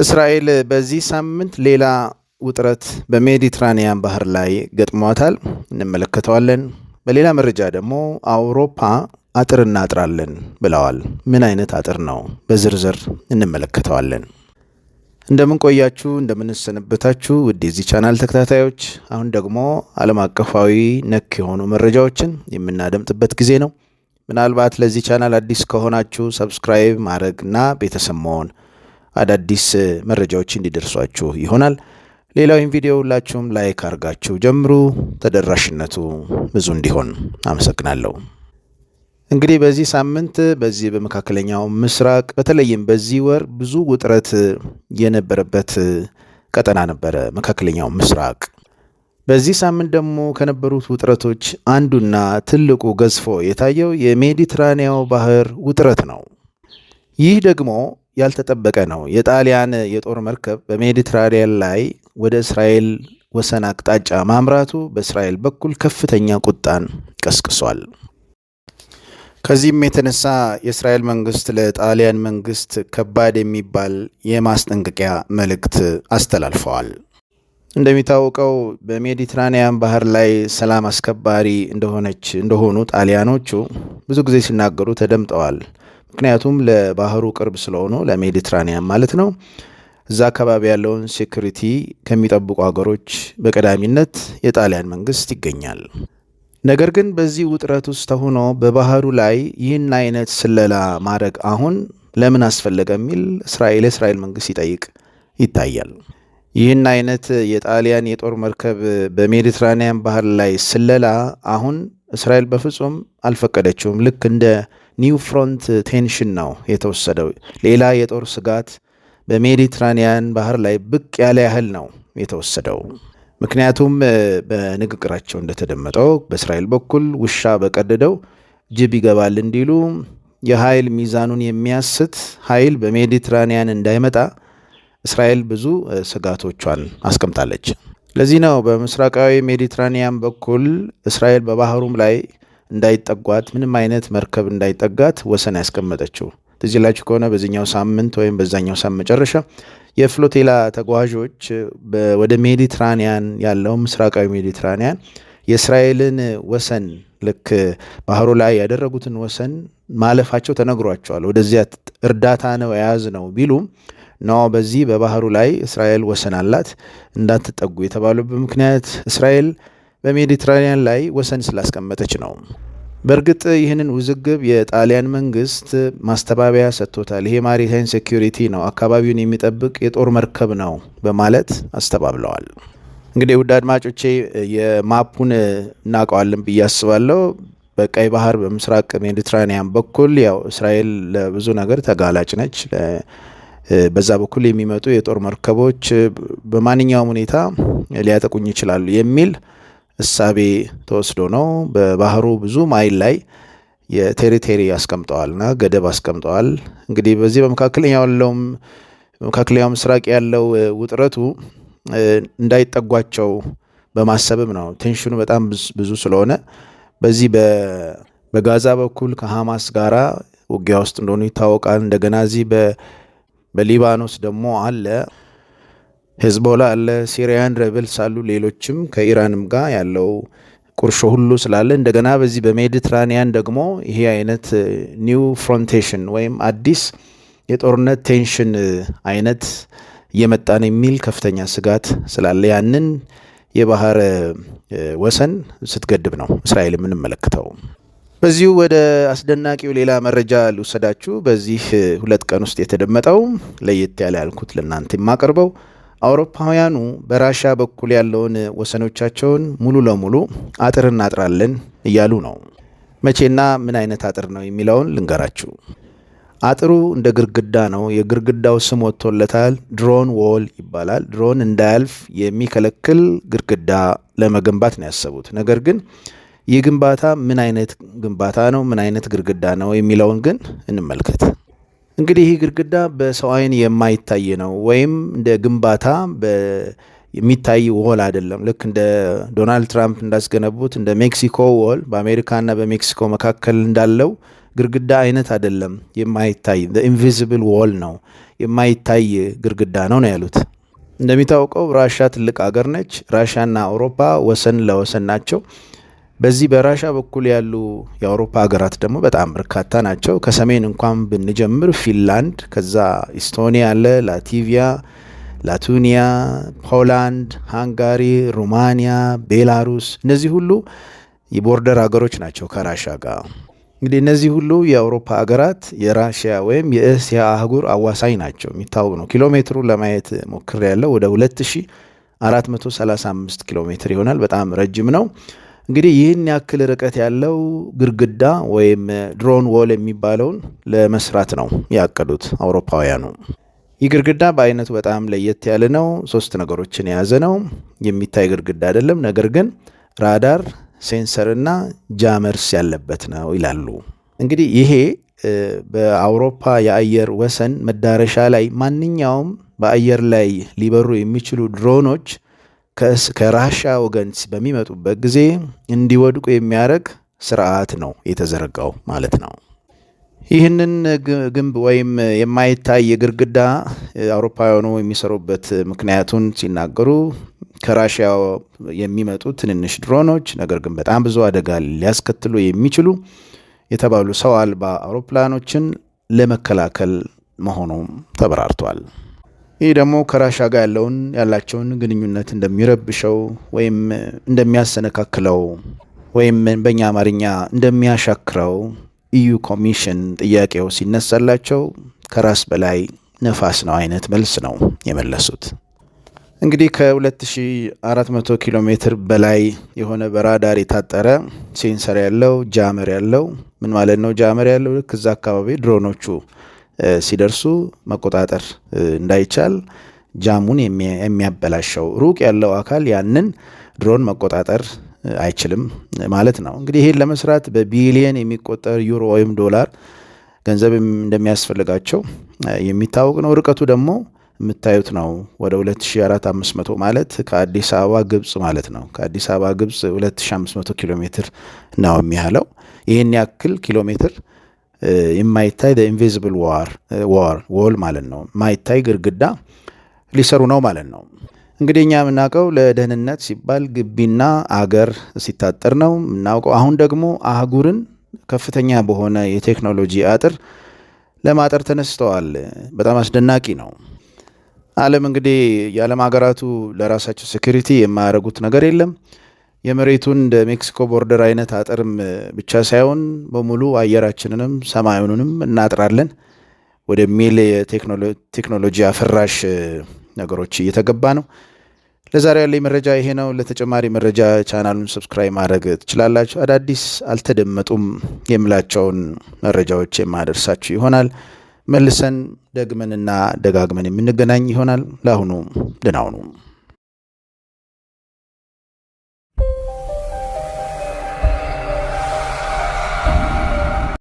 እስራኤል በዚህ ሳምንት ሌላ ውጥረት በሜዲትራኒያን ባህር ላይ ገጥሟታል፣ እንመለከተዋለን። በሌላ መረጃ ደግሞ አውሮፓ አጥር እናጥራለን ብለዋል። ምን አይነት አጥር ነው? በዝርዝር እንመለከተዋለን። እንደምንቆያችሁ እንደምንሰነበታችሁ ውድ የዚህ ቻናል ተከታታዮች፣ አሁን ደግሞ ዓለም አቀፋዊ ነክ የሆኑ መረጃዎችን የምናደምጥበት ጊዜ ነው። ምናልባት ለዚህ ቻናል አዲስ ከሆናችሁ ሰብስክራይብ ማድረግ እና ቤተሰብ መሆን አዳዲስ መረጃዎች እንዲደርሷችሁ ይሆናል። ሌላውን ቪዲዮ ሁላችሁም ላይክ አድርጋችሁ ጀምሩ፣ ተደራሽነቱ ብዙ እንዲሆን። አመሰግናለሁ። እንግዲህ በዚህ ሳምንት በዚህ በመካከለኛው ምስራቅ በተለይም በዚህ ወር ብዙ ውጥረት የነበረበት ቀጠና ነበረ መካከለኛው ምስራቅ። በዚህ ሳምንት ደግሞ ከነበሩት ውጥረቶች አንዱና ትልቁ ገዝፎ የታየው የሜዲትራኒያው ባህር ውጥረት ነው። ይህ ደግሞ ያልተጠበቀ ነው። የጣሊያን የጦር መርከብ በሜዲትራኒያን ላይ ወደ እስራኤል ወሰን አቅጣጫ ማምራቱ በእስራኤል በኩል ከፍተኛ ቁጣን ቀስቅሷል። ከዚህም የተነሳ የእስራኤል መንግስት ለጣሊያን መንግስት ከባድ የሚባል የማስጠንቀቂያ መልእክት አስተላልፈዋል። እንደሚታወቀው በሜዲትራኒያን ባህር ላይ ሰላም አስከባሪ እንደሆነች እንደሆኑ ጣሊያኖቹ ብዙ ጊዜ ሲናገሩ ተደምጠዋል። ምክንያቱም ለባህሩ ቅርብ ስለሆኑ ለሜዲትራኒያን ማለት ነው። እዛ አካባቢ ያለውን ሴኩሪቲ ከሚጠብቁ ሀገሮች በቀዳሚነት የጣሊያን መንግስት ይገኛል። ነገር ግን በዚህ ውጥረት ውስጥ ሆኖ በባህሩ ላይ ይህን አይነት ስለላ ማድረግ አሁን ለምን አስፈለገ የሚል እስራኤል የእስራኤል መንግስት ሲጠይቅ ይታያል። ይህን አይነት የጣሊያን የጦር መርከብ በሜዲትራኒያን ባህር ላይ ስለላ አሁን እስራኤል በፍጹም አልፈቀደችውም። ልክ እንደ ኒው ፍሮንት ቴንሽን ነው የተወሰደው። ሌላ የጦር ስጋት በሜዲትራኒያን ባህር ላይ ብቅ ያለ ያህል ነው የተወሰደው። ምክንያቱም በንግግራቸው እንደተደመጠው በእስራኤል በኩል ውሻ በቀደደው ጅብ ይገባል እንዲሉ የኃይል ሚዛኑን የሚያስት ኃይል በሜዲትራኒያን እንዳይመጣ እስራኤል ብዙ ስጋቶቿን አስቀምጣለች። ለዚህ ነው በምስራቃዊ ሜዲትራኒያን በኩል እስራኤል በባህሩም ላይ እንዳይጠጓት ምንም አይነት መርከብ እንዳይጠጋት ወሰን ያስቀመጠችው ትዝ ይላችሁ ከሆነ በዚኛው ሳምንት ወይም በዛኛው ሳምንት መጨረሻ የፍሎቴላ ተጓዦች ወደ ሜዲትራኒያን ያለው ምስራቃዊ ሜዲትራኒያን የእስራኤልን ወሰን ልክ ባህሩ ላይ ያደረጉትን ወሰን ማለፋቸው ተነግሯቸዋል። ወደዚያ እርዳታ ነው የያዝ ነው ቢሉም ኖ በዚህ በባህሩ ላይ እስራኤል ወሰን አላት እንዳትጠጉ የተባሉበት ምክንያት እስራኤል በሜዲትራኒያን ላይ ወሰን ስላስቀመጠች ነው። በእርግጥ ይህንን ውዝግብ የጣሊያን መንግስት ማስተባበያ ሰጥቶታል። ይሄ ማሪታይም ሴኩሪቲ ነው፣ አካባቢውን የሚጠብቅ የጦር መርከብ ነው በማለት አስተባብለዋል። እንግዲህ ውድ አድማጮቼ የማፑን እናውቀዋለን ብዬ አስባለሁ። በቀይ ባህር በምስራቅ ሜዲትራኒያን በኩል ያው እስራኤል ለብዙ ነገር ተጋላጭ ነች። በዛ በኩል የሚመጡ የጦር መርከቦች በማንኛውም ሁኔታ ሊያጠቁኝ ይችላሉ የሚል እሳቤ ተወስዶ ነው። በባህሩ ብዙ ማይል ላይ የቴሪቴሪ አስቀምጠዋልና ገደብ አስቀምጠዋል። እንግዲህ በዚህ በመካከለኛው ምስራቅ ያለው ውጥረቱ እንዳይጠጓቸው በማሰብም ነው። ቴንሽኑ በጣም ብዙ ስለሆነ በዚህ በጋዛ በኩል ከሐማስ ጋራ ውጊያ ውስጥ እንደሆኑ ይታወቃል። እንደገና እዚህ በሊባኖስ ደግሞ አለ። ሄዝቦላ አለ፣ ሲሪያን ረብልስ አሉ፣ ሌሎችም ከኢራንም ጋር ያለው ቁርሾ ሁሉ ስላለ እንደገና በዚህ በሜዲትራኒያን ደግሞ ይሄ አይነት ኒው ፍሮንቴሽን ወይም አዲስ የጦርነት ቴንሽን አይነት እየመጣ ነው የሚል ከፍተኛ ስጋት ስላለ ያንን የባህር ወሰን ስትገድብ ነው እስራኤል የምንመለከተው። በዚሁ ወደ አስደናቂው ሌላ መረጃ ልውሰዳችሁ። በዚህ ሁለት ቀን ውስጥ የተደመጠው ለየት ያለ ያልኩት ለእናንተ የማቀርበው አውሮፓውያኑ በራሻ በኩል ያለውን ወሰኖቻቸውን ሙሉ ለሙሉ አጥር እናጥራለን እያሉ ነው። መቼና ምን አይነት አጥር ነው የሚለውን ልንገራችሁ። አጥሩ እንደ ግድግዳ ነው። የግርግዳው ስም ወጥቶለታል። ድሮን ዎል ይባላል። ድሮን እንዳያልፍ የሚከለክል ግድግዳ ለመገንባት ነው ያሰቡት። ነገር ግን ይህ ግንባታ ምን አይነት ግንባታ ነው፣ ምን አይነት ግድግዳ ነው የሚለውን ግን እንመልከት። እንግዲህ ይህ ግድግዳ በሰው አይን የማይታይ ነው፣ ወይም እንደ ግንባታ የሚታይ ወል አይደለም። ልክ እንደ ዶናልድ ትራምፕ እንዳስገነቡት እንደ ሜክሲኮ ወል በአሜሪካና በሜክሲኮ መካከል እንዳለው ግድግዳ አይነት አይደለም። የማይታይ ኢንቪዚብል ወል ነው፣ የማይታይ ግድግዳ ነው ነው ያሉት። እንደሚታወቀው ራሻ ትልቅ ሀገር ነች። ራሻና አውሮፓ ወሰን ለወሰን ናቸው። በዚህ በራሻ በኩል ያሉ የአውሮፓ ሀገራት ደግሞ በጣም በርካታ ናቸው። ከሰሜን እንኳን ብንጀምር ፊንላንድ፣ ከዛ ኢስቶኒያ አለ፣ ላቲቪያ፣ ላቱኒያ፣ ፖላንድ፣ ሃንጋሪ፣ ሩማኒያ፣ ቤላሩስ እነዚህ ሁሉ የቦርደር ሀገሮች ናቸው ከራሻ ጋር። እንግዲህ እነዚህ ሁሉ የአውሮፓ ሀገራት የራሽያ ወይም የእስያ አህጉር አዋሳኝ ናቸው። የሚታወቅ ነው። ኪሎ ሜትሩ ለማየት ሞክር ያለው ወደ 2435 ኪሎ ሜትር ይሆናል። በጣም ረጅም ነው። እንግዲህ ይህን ያክል ርቀት ያለው ግድግዳ ወይም ድሮን ዎል የሚባለውን ለመስራት ነው ያቀዱት አውሮፓውያኑ። ይህ ግድግዳ በአይነቱ በጣም ለየት ያለ ነው። ሶስት ነገሮችን የያዘ ነው። የሚታይ ግድግዳ አይደለም፣ ነገር ግን ራዳር፣ ሴንሰርና ጃመርስ ያለበት ነው ይላሉ። እንግዲህ ይሄ በአውሮፓ የአየር ወሰን መዳረሻ ላይ ማንኛውም በአየር ላይ ሊበሩ የሚችሉ ድሮኖች ከራሻ ወገን በሚመጡበት ጊዜ እንዲወድቁ የሚያደርግ ስርዓት ነው የተዘረጋው ማለት ነው። ይህንን ግንብ ወይም የማይታይ የግርግዳ አውሮፓውያኑ የሚሰሩበት ምክንያቱን ሲናገሩ ከራሽያ የሚመጡ ትንንሽ ድሮኖች ነገር ግን በጣም ብዙ አደጋ ሊያስከትሉ የሚችሉ የተባሉ ሰው አልባ አውሮፕላኖችን ለመከላከል መሆኑ ተብራርቷል። ይህ ደግሞ ከራሻ ጋር ያለውን ያላቸውን ግንኙነት እንደሚረብሸው ወይም እንደሚያሰነካክለው ወይም በእኛ አማርኛ እንደሚያሻክረው ኢዩ e ኮሚሽን ጥያቄው ሲነሳላቸው ከራስ በላይ ነፋስ ነው አይነት መልስ ነው የመለሱት። እንግዲህ ከ2400 ኪሎ ሜትር በላይ የሆነ በራዳር የታጠረ ሴንሰር ያለው ጃመር ያለው ምን ማለት ነው? ጃመር ያለው ልክ እዛ አካባቢ ድሮኖቹ ሲደርሱ መቆጣጠር እንዳይቻል ጃሙን የሚያበላሸው ሩቅ ያለው አካል ያንን ድሮን መቆጣጠር አይችልም ማለት ነው። እንግዲህ ይህን ለመስራት በቢሊየን የሚቆጠር ዩሮ ወይም ዶላር ገንዘብ እንደሚያስፈልጋቸው የሚታወቅ ነው። ርቀቱ ደግሞ የምታዩት ነው። ወደ 2450 ማለት ከአዲስ አበባ ግብፅ ማለት ነው። ከአዲስ አበባ ግብፅ 2500 ኪሎ ሜትር ነው የሚያለው። ይህን ያክል ኪሎ ሜትር የማይታይ ኢንቪዚብል ዋር ወል ማለት ነው። የማይታይ ግርግዳ ሊሰሩ ነው ማለት ነው። እንግዲህ እኛ የምናውቀው ለደህንነት ሲባል ግቢና አገር ሲታጠር ነው የምናውቀው። አሁን ደግሞ አህጉርን ከፍተኛ በሆነ የቴክኖሎጂ አጥር ለማጠር ተነስተዋል። በጣም አስደናቂ ነው። ዓለም እንግዲህ የዓለም ሀገራቱ ለራሳቸው ሴኩሪቲ የማያደርጉት ነገር የለም። የመሬቱን እንደ ሜክሲኮ ቦርደር አይነት አጥርም ብቻ ሳይሆን በሙሉ አየራችንንም ሰማዩንም እናጥራለን ወደሚል የቴክኖሎጂ አፍራሽ ነገሮች እየተገባ ነው። ለዛሬ ያለኝ መረጃ ይሄ ነው። ለተጨማሪ መረጃ ቻናሉን ሰብስክራይብ ማድረግ ትችላላችሁ። አዳዲስ አልተደመጡም የምላቸውን መረጃዎች የማደርሳችሁ ይሆናል። መልሰን ደግመንና ደጋግመን የምንገናኝ ይሆናል። ለአሁኑ ደህና ሁኑ።